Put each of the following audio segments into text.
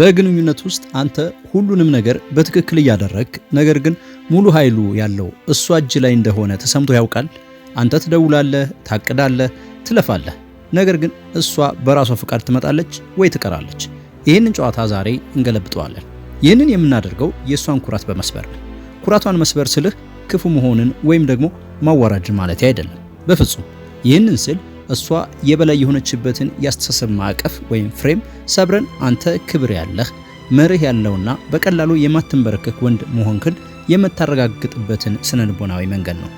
በግንኙነት ውስጥ አንተ ሁሉንም ነገር በትክክል እያደረግክ ነገር ግን ሙሉ ኃይሉ ያለው እሷ እጅ ላይ እንደሆነ ተሰምቶ ያውቃል። አንተ ትደውላለህ፣ ታቅዳለህ፣ ትለፋለህ። ነገር ግን እሷ በራሷ ፍቃድ ትመጣለች ወይ ትቀራለች። ይህንን ጨዋታ ዛሬ እንገለብጠዋለን። ይህንን የምናደርገው የእሷን ኩራት በመስበር ነው። ኩራቷን መስበር ስልህ ክፉ መሆንን ወይም ደግሞ ማዋራጅን ማለት አይደለም፣ በፍጹም። ይህንን ስል እሷ የበላይ የሆነችበትን ያስተሳሰብ ማዕቀፍ ወይም ፍሬም ሰብረን አንተ ክብር ያለህ መርህ ያለውና በቀላሉ የማትንበረከክ ወንድ መሆንክን የምታረጋግጥበትን ስነልቦናዊ መንገድ ነው።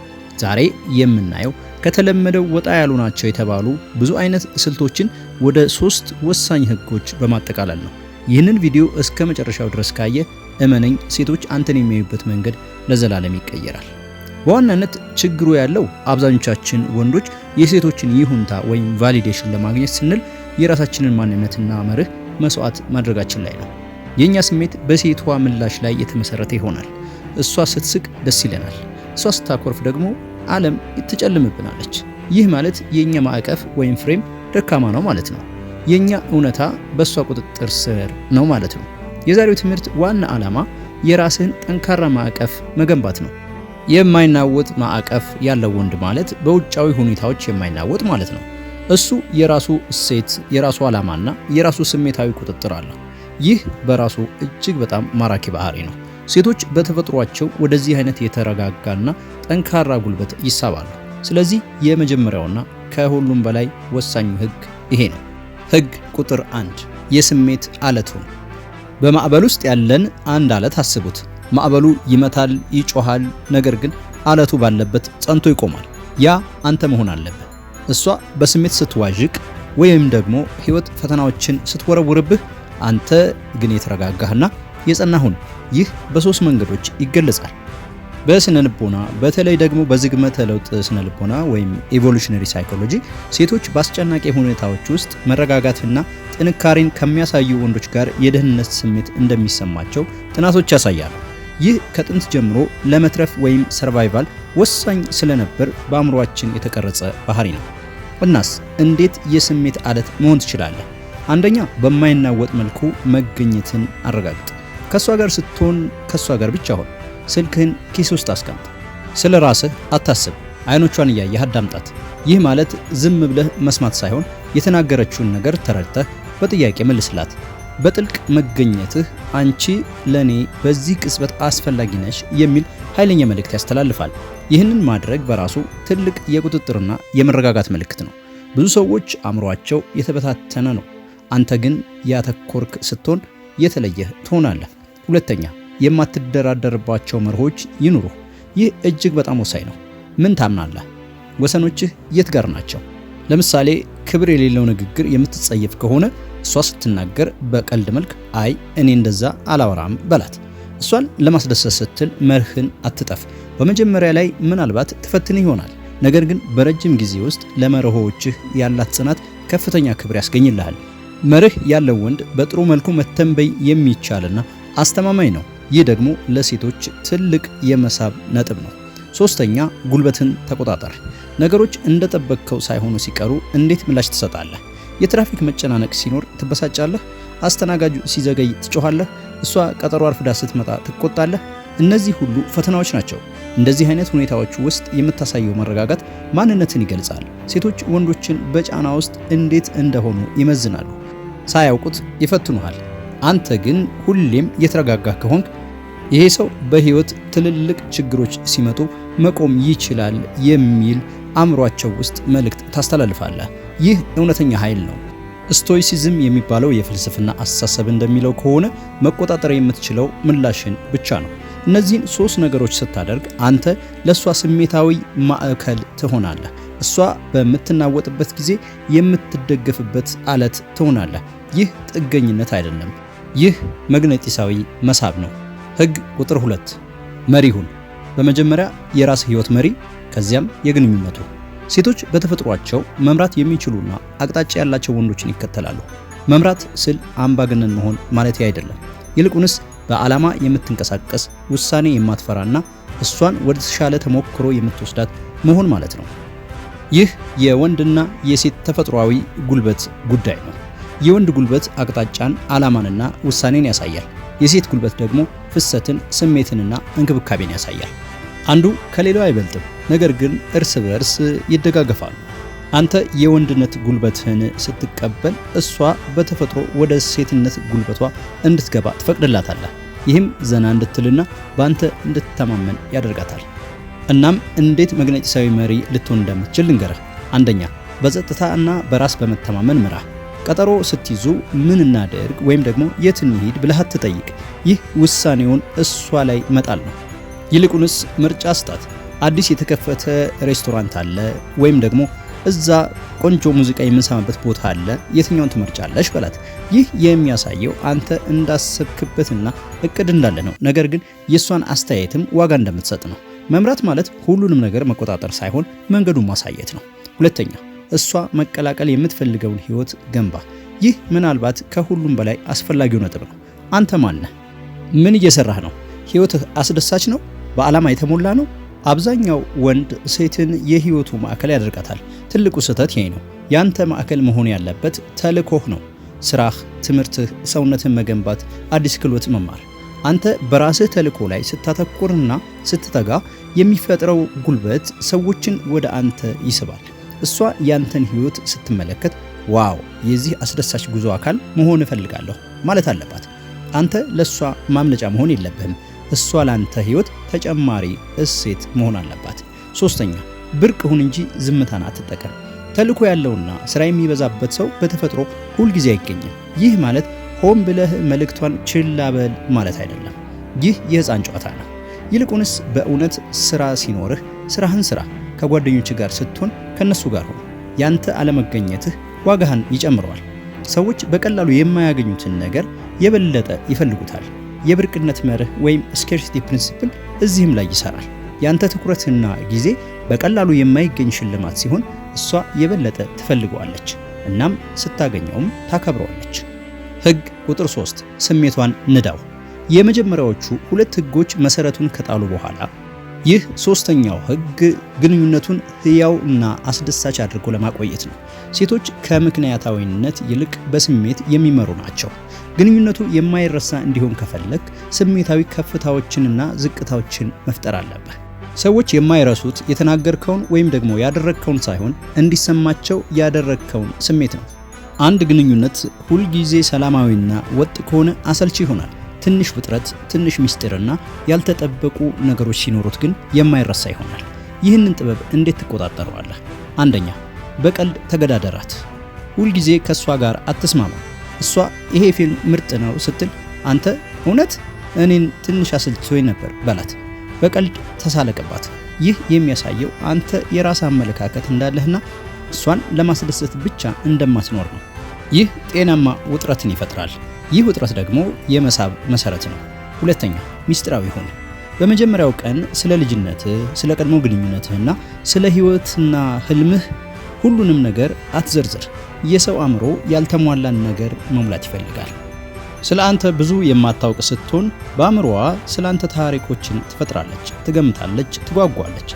ዛሬ የምናየው ከተለመደው ወጣ ያሉ ናቸው የተባሉ ብዙ አይነት ስልቶችን ወደ ሶስት ወሳኝ ህጎች በማጠቃለል ነው። ይህንን ቪዲዮ እስከ መጨረሻው ድረስ ካየ እመነኝ፣ ሴቶች አንተን የሚያዩበት መንገድ ለዘላለም ይቀየራል። በዋናነት ችግሩ ያለው አብዛኞቻችን ወንዶች የሴቶችን ይሁንታ ወይም ቫሊዴሽን ለማግኘት ስንል የራሳችንን ማንነትና መርህ መስዋዕት ማድረጋችን ላይ ነው። የእኛ ስሜት በሴቷ ምላሽ ላይ የተመሰረተ ይሆናል። እሷ ስትስቅ ደስ ይለናል፣ እሷ ስታኮርፍ ደግሞ ዓለም ትጨልምብናለች። ይህ ማለት የእኛ ማዕቀፍ ወይም ፍሬም ደካማ ነው ማለት ነው። የእኛ እውነታ በእሷ ቁጥጥር ስር ነው ማለት ነው። የዛሬው ትምህርት ዋና ዓላማ የራስህን ጠንካራ ማዕቀፍ መገንባት ነው። የማይናወጥ ማዕቀፍ ያለው ወንድ ማለት በውጫዊ ሁኔታዎች የማይናወጥ ማለት ነው። እሱ የራሱ እሴት፣ የራሱ ዓላማና የራሱ ስሜታዊ ቁጥጥር አለው። ይህ በራሱ እጅግ በጣም ማራኪ ባህሪ ነው። ሴቶች በተፈጥሯቸው ወደዚህ አይነት የተረጋጋና ጠንካራ ጉልበት ይሳባሉ። ስለዚህ የመጀመሪያውና ከሁሉም በላይ ወሳኙ ህግ ይሄ ነው። ህግ ቁጥር አንድ የስሜት አለት ሁን። በማዕበል ውስጥ ያለን አንድ አለት አስቡት። ማዕበሉ ይመታል፣ ይጮሃል። ነገር ግን አለቱ ባለበት ጸንቶ ይቆማል። ያ አንተ መሆን አለብህ። እሷ በስሜት ስትዋዥቅ ወይም ደግሞ ሕይወት ፈተናዎችን ስትወረውርብህ፣ አንተ ግን የተረጋጋህና የጸናሁን። ይህ በሶስት መንገዶች ይገለጻል። በስነ ልቦና በተለይ ደግሞ በዝግመተ ለውጥ ስነ ልቦና ወይም ኤቮሉሽነሪ ሳይኮሎጂ ሴቶች በአስጨናቂ ሁኔታዎች ውስጥ መረጋጋትና ጥንካሬን ከሚያሳዩ ወንዶች ጋር የደህንነት ስሜት እንደሚሰማቸው ጥናቶች ያሳያሉ። ይህ ከጥንት ጀምሮ ለመትረፍ ወይም ሰርቫይቫል ወሳኝ ስለነበር በአእምሯችን የተቀረጸ ባህሪ ነው። እናስ እንዴት የስሜት አለት መሆን ትችላለህ? አንደኛ በማይናወጥ መልኩ መገኘትን አረጋግጥ። ከእሷ ጋር ስትሆን ከእሷ ጋር ብቻ ሆን። ስልክህን ኪስ ውስጥ አስቀምጥ። ስለ ራስህ አታስብ። አይኖቿን እያየህ አዳምጣት። ይህ ማለት ዝም ብለህ መስማት ሳይሆን የተናገረችውን ነገር ተረድተህ በጥያቄ መልስላት። በጥልቅ መገኘትህ አንቺ ለኔ በዚህ ቅጽበት አስፈላጊ ነሽ የሚል ኃይለኛ መልእክት ያስተላልፋል። ይህንን ማድረግ በራሱ ትልቅ የቁጥጥርና የመረጋጋት ምልክት ነው። ብዙ ሰዎች አእምሯቸው የተበታተነ ነው። አንተ ግን ያተኮርክ ስትሆን የተለየህ ትሆናለህ። ሁለተኛ፣ የማትደራደርባቸው መርሆች ይኑሩ። ይህ እጅግ በጣም ወሳኝ ነው። ምን ታምናለህ? ወሰኖችህ የት ጋር ናቸው? ለምሳሌ ክብር የሌለው ንግግር የምትጸየፍ ከሆነ እሷ ስትናገር በቀልድ መልክ አይ እኔ እንደዛ አላወራም በላት። እሷን ለማስደሰት ስትል መርህን አትጠፍ። በመጀመሪያ ላይ ምናልባት ትፈትን ይሆናል። ነገር ግን በረጅም ጊዜ ውስጥ ለመርሆዎችህ ያላት ጽናት ከፍተኛ ክብር ያስገኝልሃል። መርህ ያለው ወንድ በጥሩ መልኩ መተንበይ የሚቻልና አስተማማኝ ነው። ይህ ደግሞ ለሴቶች ትልቅ የመሳብ ነጥብ ነው። ሶስተኛ ጉልበትን ተቆጣጠር። ነገሮች እንደጠበቅከው ሳይሆኑ ሲቀሩ እንዴት ምላሽ ትሰጣለህ? የትራፊክ መጨናነቅ ሲኖር ትበሳጫለህ፣ አስተናጋጁ ሲዘገይ ትጮኻለህ፣ እሷ ቀጠሮ አርፍዳ ስትመጣ ትቆጣለህ። እነዚህ ሁሉ ፈተናዎች ናቸው። እንደዚህ አይነት ሁኔታዎች ውስጥ የምታሳየው መረጋጋት ማንነትን ይገልጻል። ሴቶች ወንዶችን በጫና ውስጥ እንዴት እንደሆኑ ይመዝናሉ። ሳያውቁት ይፈትኑሃል። አንተ ግን ሁሌም የተረጋጋ ከሆንክ ይሄ ሰው በህይወት ትልልቅ ችግሮች ሲመጡ መቆም ይችላል የሚል አእምሯቸው ውስጥ መልእክት ታስተላልፋለህ። ይህ እውነተኛ ኃይል ነው። ስቶይሲዝም የሚባለው የፍልስፍና አስተሳሰብ እንደሚለው ከሆነ መቆጣጠር የምትችለው ምላሽን ብቻ ነው። እነዚህን ሶስት ነገሮች ስታደርግ አንተ ለእሷ ስሜታዊ ማዕከል ትሆናለህ። እሷ በምትናወጥበት ጊዜ የምትደገፍበት አለት ትሆናለህ። ይህ ጥገኝነት አይደለም። ይህ መግነጢሳዊ መሳብ ነው። ህግ ቁጥር ሁለት መሪ ሁን። በመጀመሪያ የራስ ህይወት መሪ፣ ከዚያም የግንኙነቱ ሴቶች በተፈጥሯቸው መምራት የሚችሉና አቅጣጫ ያላቸው ወንዶችን ይከተላሉ። መምራት ስል አምባገነን መሆን ማለት አይደለም። ይልቁንስ በዓላማ የምትንቀሳቀስ ውሳኔ የማትፈራና እሷን ወደ ተሻለ ተሞክሮ የምትወስዳት መሆን ማለት ነው። ይህ የወንድና የሴት ተፈጥሯዊ ጉልበት ጉዳይ ነው። የወንድ ጉልበት አቅጣጫን፣ ዓላማንና ውሳኔን ያሳያል። የሴት ጉልበት ደግሞ ፍሰትን፣ ስሜትንና እንክብካቤን ያሳያል። አንዱ ከሌላው አይበልጥም፣ ነገር ግን እርስ በእርስ ይደጋገፋሉ። አንተ የወንድነት ጉልበትህን ስትቀበል እሷ በተፈጥሮ ወደ ሴትነት ጉልበቷ እንድትገባ ትፈቅድላታለህ። ይህም ዘና እንድትልና በአንተ እንድትተማመን ያደርጋታል። እናም እንዴት መግነጢሳዊ መሪ ልትሆን እንደምትችል ልንገርህ። አንደኛ በጸጥታ እና በራስ በመተማመን ምራ። ቀጠሮ ስትይዙ ምን እናደርግ ወይም ደግሞ የት እንሂድ ብለህ አትጠይቅ። ይህ ውሳኔውን እሷ ላይ መጣል ነው። ይልቁንስ ምርጫ ስጣት። አዲስ የተከፈተ ሬስቶራንት አለ ወይም ደግሞ እዛ ቆንጆ ሙዚቃ የምንሰማበት ቦታ አለ፣ የትኛውን ትመርጫለሽ በላት። ይህ የሚያሳየው አንተ እንዳሰብክበትና እቅድ እንዳለ ነው። ነገር ግን የእሷን አስተያየትም ዋጋ እንደምትሰጥ ነው። መምራት ማለት ሁሉንም ነገር መቆጣጠር ሳይሆን መንገዱን ማሳየት ነው። ሁለተኛ፣ እሷ መቀላቀል የምትፈልገውን ህይወት ገንባ። ይህ ምናልባት ከሁሉም በላይ አስፈላጊው ነጥብ ነው። አንተ ማን ነህ? ምን እየሰራህ ነው? ህይወት አስደሳች ነው በዓላማ የተሞላ ነው። አብዛኛው ወንድ ሴትን የህይወቱ ማዕከል ያደርጋታል። ትልቁ ስህተት ይሄ ነው። ያንተ ማዕከል መሆን ያለበት ተልእኮህ ነው። ስራህ፣ ትምህርትህ፣ ሰውነትን መገንባት፣ አዲስ ክህሎት መማር። አንተ በራስህ ተልእኮ ላይ ስታተኩርና ስትተጋ የሚፈጥረው ጉልበት ሰዎችን ወደ አንተ ይስባል። እሷ ያንተን ህይወት ስትመለከት ዋው የዚህ አስደሳች ጉዞ አካል መሆን እፈልጋለሁ ማለት አለባት። አንተ ለእሷ ማምለጫ መሆን የለብህም። እሷ ላንተ ህይወት ተጨማሪ እሴት መሆን አለባት። ሶስተኛ ብርቅ ሁን እንጂ ዝምታን አትጠቀም። ተልኮ ያለውና ስራ የሚበዛበት ሰው በተፈጥሮ ሁልጊዜ አይገኝም። ይህ ማለት ሆን ብለህ መልእክቷን ችላ በል ማለት አይደለም። ይህ የህፃን ጨዋታ ነው። ይልቁንስ በእውነት ስራ ሲኖርህ ስራህን ስራ። ከጓደኞች ጋር ስትሆን ከነሱ ጋር ሆን። ያንተ አለመገኘትህ ዋጋህን ይጨምረዋል። ሰዎች በቀላሉ የማያገኙትን ነገር የበለጠ ይፈልጉታል። የብርቅነት መርህ ወይም ስኬርሲቲ ፕሪንሲፕል እዚህም ላይ ይሰራል። ያንተ ትኩረትና ጊዜ በቀላሉ የማይገኝ ሽልማት ሲሆን እሷ የበለጠ ትፈልገዋለች፣ እናም ስታገኘውም ታከብረዋለች። ህግ ቁጥር 3 ስሜቷን ንዳው። የመጀመሪያዎቹ ሁለት ህጎች መሰረቱን ከጣሉ በኋላ ይህ ሶስተኛው ህግ ግንኙነቱን ህያው እና አስደሳች አድርጎ ለማቆየት ነው። ሴቶች ከምክንያታዊነት ይልቅ በስሜት የሚመሩ ናቸው። ግንኙነቱ የማይረሳ እንዲሆን ከፈለግ ስሜታዊ ከፍታዎችንና ዝቅታዎችን መፍጠር አለብህ። ሰዎች የማይረሱት የተናገርከውን ወይም ደግሞ ያደረግከውን ሳይሆን እንዲሰማቸው ያደረግከውን ስሜት ነው። አንድ ግንኙነት ሁልጊዜ ሰላማዊና ወጥ ከሆነ አሰልቺ ይሆናል። ትንሽ ውጥረት፣ ትንሽ ምስጢርና ያልተጠበቁ ነገሮች ሲኖሩት ግን የማይረሳ ይሆናል። ይህንን ጥበብ እንዴት ትቆጣጠረዋለህ? አንደኛ በቀልድ ተገዳደራት። ሁልጊዜ ከእሷ ጋር አትስማማ። እሷ ይሄ ፊልም ምርጥ ነው ስትል አንተ እውነት እኔን ትንሽ አሰልችቶኝ ነበር በላት። በቀልድ ተሳለቀባት። ይህ የሚያሳየው አንተ የራስ አመለካከት እንዳለህና እሷን ለማስደሰት ብቻ እንደማትኖር ነው። ይህ ጤናማ ውጥረትን ይፈጥራል። ይህ ውጥረት ደግሞ የመሳብ መሰረት ነው። ሁለተኛ ሚስጥራዊ ሆነ። በመጀመሪያው ቀን ስለ ልጅነትህ፣ ስለ ቀድሞ ግንኙነትህና ስለ ህይወትና ህልምህ ሁሉንም ነገር አትዘርዝር። የሰው አእምሮ ያልተሟላን ነገር መሙላት ይፈልጋል። ስለ አንተ ብዙ የማታውቅ ስትሆን በአእምሮዋ ስለ አንተ ታሪኮችን ትፈጥራለች፣ ትገምታለች፣ ትጓጓለች።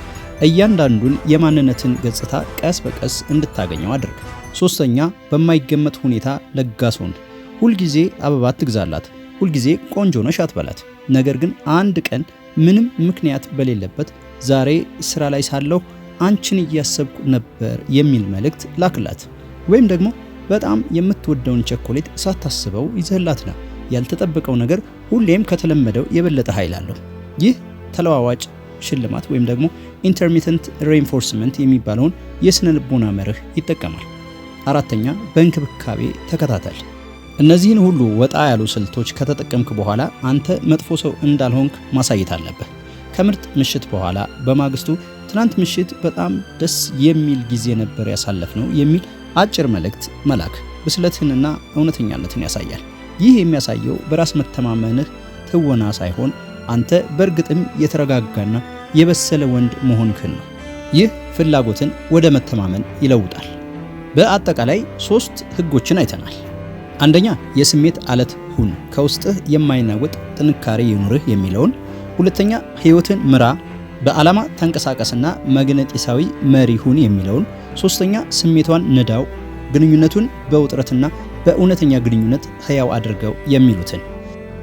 እያንዳንዱን የማንነትን ገጽታ ቀስ በቀስ እንድታገኘው አድርግ። ሶስተኛ፣ በማይገመት ሁኔታ ለጋስ ሁን። ሁልጊዜ አበባ አትግዛላት፣ ሁልጊዜ ቆንጆ ነሽ አትበላት። ነገር ግን አንድ ቀን ምንም ምክንያት በሌለበት ዛሬ ስራ ላይ ሳለሁ አንቺን እያሰብኩ ነበር የሚል መልእክት ላክላት። ወይም ደግሞ በጣም የምትወደውን ቸኮሌት ሳታስበው ይዘህላት ነው። ያልተጠበቀው ነገር ሁሌም ከተለመደው የበለጠ ኃይል አለው። ይህ ተለዋዋጭ ሽልማት ወይም ደግሞ ኢንተርሚተንት ሬንፎርስመንት የሚባለውን የስነ ልቦና መርህ ይጠቀማል። አራተኛ በእንክብካቤ ተከታተል። እነዚህን ሁሉ ወጣ ያሉ ስልቶች ከተጠቀምክ በኋላ አንተ መጥፎ ሰው እንዳልሆንክ ማሳየት አለብህ። ከምርጥ ምሽት በኋላ በማግስቱ ትናንት ምሽት በጣም ደስ የሚል ጊዜ ነበር ያሳለፍ ነው የሚል አጭር መልእክት መላክ ብስለትህንና እውነተኛነትን ያሳያል። ይህ የሚያሳየው በራስ መተማመንህ ትወና ሳይሆን አንተ በእርግጥም የተረጋጋና የበሰለ ወንድ መሆንክን ነው። ይህ ፍላጎትን ወደ መተማመን ይለውጣል። በአጠቃላይ ሶስት ህጎችን አይተናል። አንደኛ የስሜት አለት ሁን፣ ከውስጥህ የማይናወጥ ጥንካሬ ይኑርህ የሚለውን። ሁለተኛ ህይወትን ምራ በዓላማ ተንቀሳቀስና መግነጢሳዊ መሪ ሁን የሚለውን፣ ሶስተኛ ስሜቷን ንዳው፣ ግንኙነቱን በውጥረትና በእውነተኛ ግንኙነት ህያው አድርገው የሚሉትን።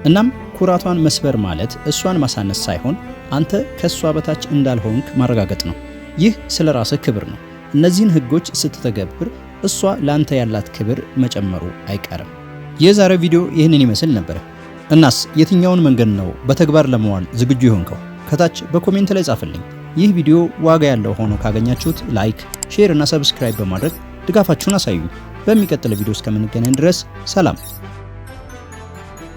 እናም ኩራቷን መስበር ማለት እሷን ማሳነስ ሳይሆን አንተ ከእሷ በታች እንዳልሆንክ ማረጋገጥ ነው። ይህ ስለ ራስህ ክብር ነው። እነዚህን ህጎች ስትተገብር እሷ ለአንተ ያላት ክብር መጨመሩ አይቀርም። የዛሬው ቪዲዮ ይህንን ይመስል ነበር። እናስ የትኛውን መንገድ ነው በተግባር ለመዋል ዝግጁ ይሆንከው? ከታች በኮሜንት ላይ ጻፍልኝ። ይህ ቪዲዮ ዋጋ ያለው ሆኖ ካገኛችሁት ላይክ፣ ሼር እና ሰብስክራይብ በማድረግ ድጋፋችሁን አሳዩ። በሚቀጥለው ቪዲዮ እስከምንገናኝ ድረስ ሰላም።